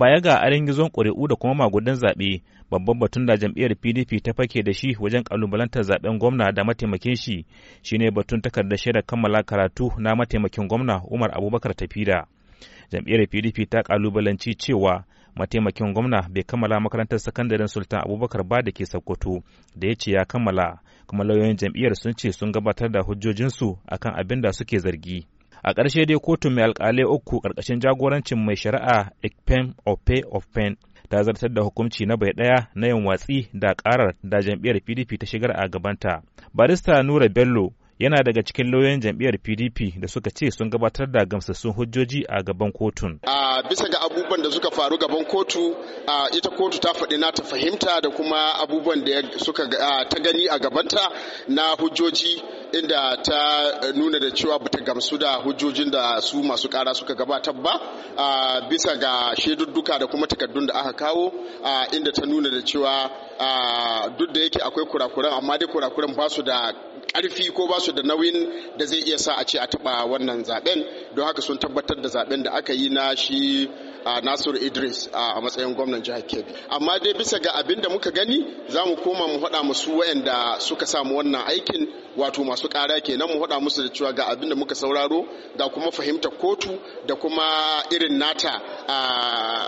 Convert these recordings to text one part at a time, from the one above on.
baya ga arin gizon ƙuri'u da kuma magudan zaɓe babban batun da jam'iyyar pdp ta fake da shi wajen kalubalantar zaben gwamna da mataimakin shi shine batun takardar shaidar kammala karatu na mataimakin gwamna umar abubakar tafida jam'iyyar pdp ta kalubalanci cewa mataimakin gwamna bai kammala makarantar sakandaren sultan abubakar ba da ke sokoto da ya ce ya kammala kuma lauyoyin jam'iyyar sun ce sun gabatar da hujjojinsu akan abin da suke zargi a ƙarshe dai kotun mai alƙalai uku ƙarƙashin jagorancin mai shari'a ikpem ofe ofen ta zartar da hukunci na bai ɗaya na yin watsi da ƙarar da jam'iyyar pdp ta shigar a gabanta barista nura bello yana daga cikin lauyoyin jam'iyyar pdp da suka ce sun gabatar da gamsassun hujjoji a gaban kotun a bisa ga abubuwan da suka faru gaban kotu a ita kotu ta faɗi na ta fahimta da kuma abubuwan da suka ta gani a gabanta na hujjoji inda ta nuna da cewa bata gamsu da hujjojin da su masu kara suka gabatar ba a bisa ga shaidudduka da kuma takardun da aka kawo a inda ta nuna da cewa duk da yake akwai kurakuran amma dai kurakuran ba su da karfi ko ba su da nauyin da zai iya sa a ce a taba wannan zaben don haka sun tabbatar da zaben da aka yi na shi a nasiru idris a matsayin gwamnan jihar kebbi amma dai bisa ga abin da muka gani za mu koma mu haɗa musu wayanda suka samu wannan aikin wato masu ƙara kenan mu haɗa musu da cewa ga abin da muka sauraro ga kuma fahimtar kotu da kuma irin nata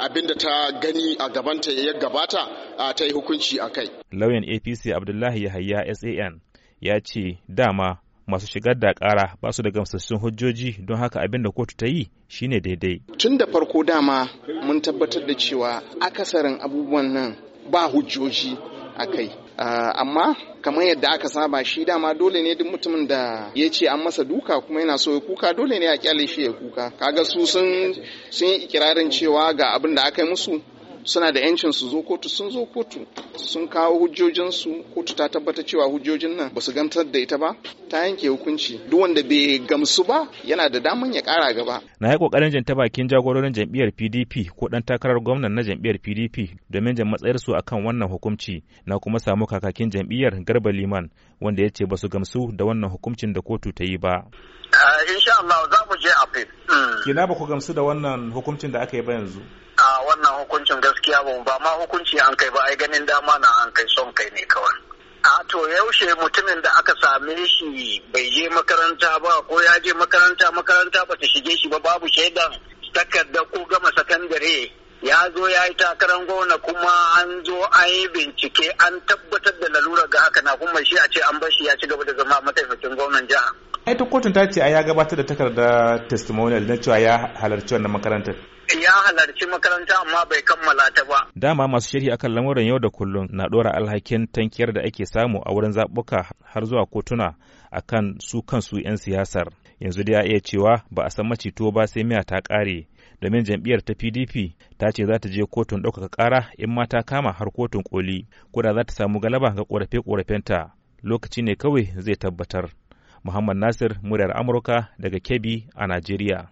abin da ta gani a gabanta ya gabata ta yi hukunci a kai lauyan apc abdullahi yahaya san ya ce dama masu shigar da ƙara ba su da gamsassun hujjoji don haka abin da kotu ta yi shine daidai. Tun da farko dama mun tabbatar da cewa akasarin abubuwan nan ba hujjoji a kai. Ah, amma kamar yadda aka saba shi dama dole ne duk mutumin da ya ce an masa duka kuma yana so ya kuka dole ne a kyale shi ya kuka kaga su sun sun ikirarin cewa ga abin da aka yi musu suna da yancin su zo kotu sun zo kotu sun kawo hujjojinsu kotu ta tabbata cewa hujjojin nan basu gamtar da ita ba ta yanke hukunci duk wanda bai gamsu ba yana da daman ya kara gaba na yi kokarin jin ta bakin jagororin jam'iyyar PDP ko dan takarar gwamnan na jam'iyyar PDP domin jin matsayar su akan wannan hukunci na kuma samu kakakin jam'iyyar Garba Liman wanda ya ce basu gamsu da wannan hukuncin da kotu ta yi ba eh, insha Allah za mu je a hmm. Kina ba ku gamsu da wannan hukuncin da aka yi ba yanzu hukuncin gaskiya ba ba ma hukunci an kai ba ai ganin dama na an kai son kai ne kawai a to yaushe mutumin da aka same shi bai je makaranta ba ko ya je makaranta makaranta ba ta shige shi ba babu shaidan takarda ko gama sakandare ya zo ya yi takarar gona kuma an zo an yi bincike an tabbatar da lalura ga haka na kuma shi a ce an bashi ya ci gaba da zama mataimakin gwamnan jiha. ai ta kotun ta ce a ya gabatar da takardar testimonial na cewa ya halarci wannan makarantar. ya halarci makaranta amma bai kammala ta ba. Dama masu shirhi akan lamuran yau da kullum na ɗora alhakin tankiyar da ake samu a wurin zaɓuka har zuwa kotuna kan su kansu 'yan siyasar. Yanzu dai ya iya cewa ba a san macito ba sai miya ta ƙare. Domin jam'iyyar ta PDP ta ce za ta je kotun ɗaukaka ƙara in ma ta kama har kotun koli, ko da za ta samu galaba ga ƙorafe-ƙorafenta. Lokaci ne kawai zai tabbatar. Muhammad Nasir, muryar Amurka daga Kebbi a Najeriya.